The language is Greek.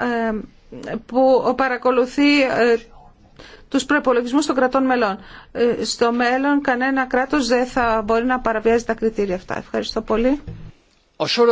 Ε, που παρακολουθεί ε, τους προπολογισμού των κρατών μελών. Ε, στο μέλλον κανένα κράτος δεν θα μπορεί να παραβιάζει τα κριτήρια αυτά. Ευχαριστώ πολύ.